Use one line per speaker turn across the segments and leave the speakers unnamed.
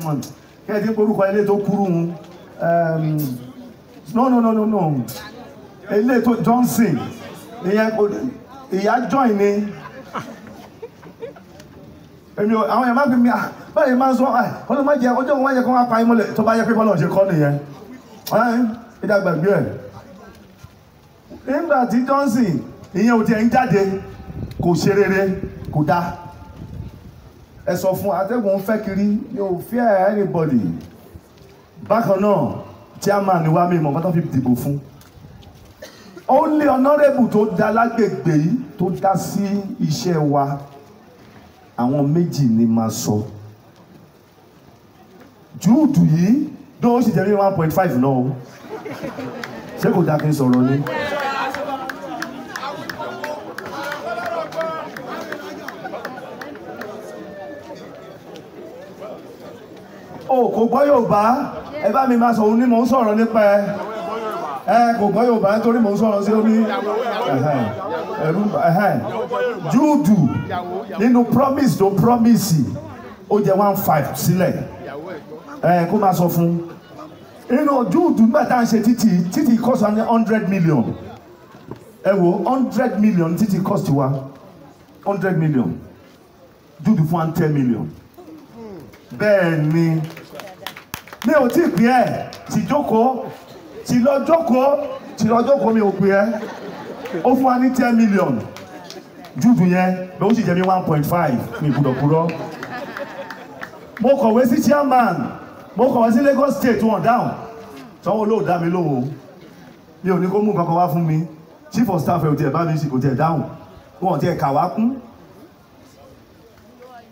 no no no no no ilé tó Johnson ìyẹn kò ìyá join ni èmi ò àwọn yẹn má fi mi ah, báyìí máa ń sọ ah, nígbà tí Johnson ìyẹn ò tiẹ̀ ń jáde kò ṣe rere kò dáa ẹ sọ fún atẹ́gùn fẹ́ kiri yóò fear anybody bákan náà chairman ni wàá mímọ́ bàtà fi dìbò fún only honourable tó dá lágbègbè yìí tó dá sí iṣẹ́ wa àwọn méjì ni máa sọ júùdù yìí dóò sì jẹ́ ní one point five náà ṣé kò dákin sọ̀rọ̀ ni. o kò gbọ́ Yorùbá ẹ bá mi máa sọ òun ni mò ń sọ̀rọ̀ nípa ẹ ẹ kò gbọ́ Yorùbá nítorí mò ń sọ̀rọ̀ sí omi Júùdù nínú promise tó promise ó jẹ one five sílẹ̀ ẹ kó máa sọ fún nínú Júùdù nígbà tá à ń ṣe títì títì cost one hundred million ẹ wo hundred million títì cost wa hundred million Júùdù fún one ten million bẹ́ẹ̀ ni ilé ò tí ì pè ẹ́ ti jókòó ti lọ jókòó ti lọ jókòó mi ò pè ẹ́ ó fún wa ní ten million júùdù yẹn bẹ́ẹ̀ ó sì jẹ́ mi one point five mi gbúdọ̀ kúrọ́ mo kọ̀wé sí chairman mo kọ̀wé sí Lagos State wọn dáhùn sanwó ló dá mi lóhùn mi ò ní kó mú kankan wá fún mi chief of staff ẹ̀ ò tiẹ̀ bá mi sì kò tiẹ̀ dáhùn wọn ò tiẹ̀ kà wá kún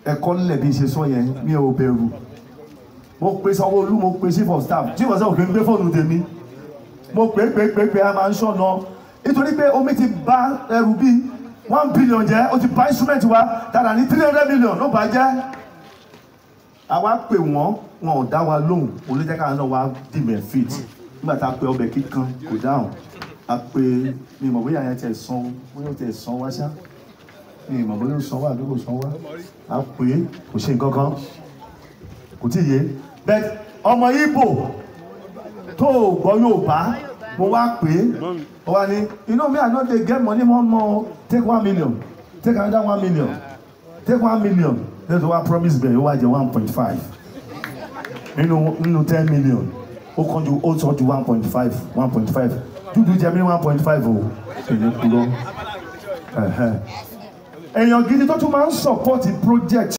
ẹ̀kọ́ nílẹ̀ bí ṣe sọ yẹn mi ò bẹ̀rù mo pe Sanwó-Olú mo pe chief of staff chief of staff òfin gbé fóònù tèmi mo pè pè pè pè a máa ń ṣọ̀nà nítorí pé omi ti bà ẹrù bíi one billion jẹ́ ó ti bà instrument wa dáadáa ní three hundred million ló bá jẹ́ àwa pè wọ́n wọn ò dá wa lóhùn olùjẹ́ká náà wa dìmẹ̀ fit nígbà tá a pe ọbẹ̀ kíkan kò dáhùn a pe mi mọ̀ bóyá yẹn tẹ̀ san bóyá ó tẹ̀ san wá ṣá mi mọ̀ bóyá ó san wá àbí kò san wá a pè é kò ṣe nǹkan kan kò tí ì yé but ọmọ Ìgbò tó gbọ́ Yorùbá mo wá pé ó wá ní you know me I no dey get money more more take one million take another one million take one million that's why promise bẹ́ẹ̀ ó wá jẹ one point five nínú nínú ten million ó kàn ju ó sọ ju one point five one point five dúdú jẹ mí one point five o èyí kúrò èèyàn gidi tó tún máa ń support project.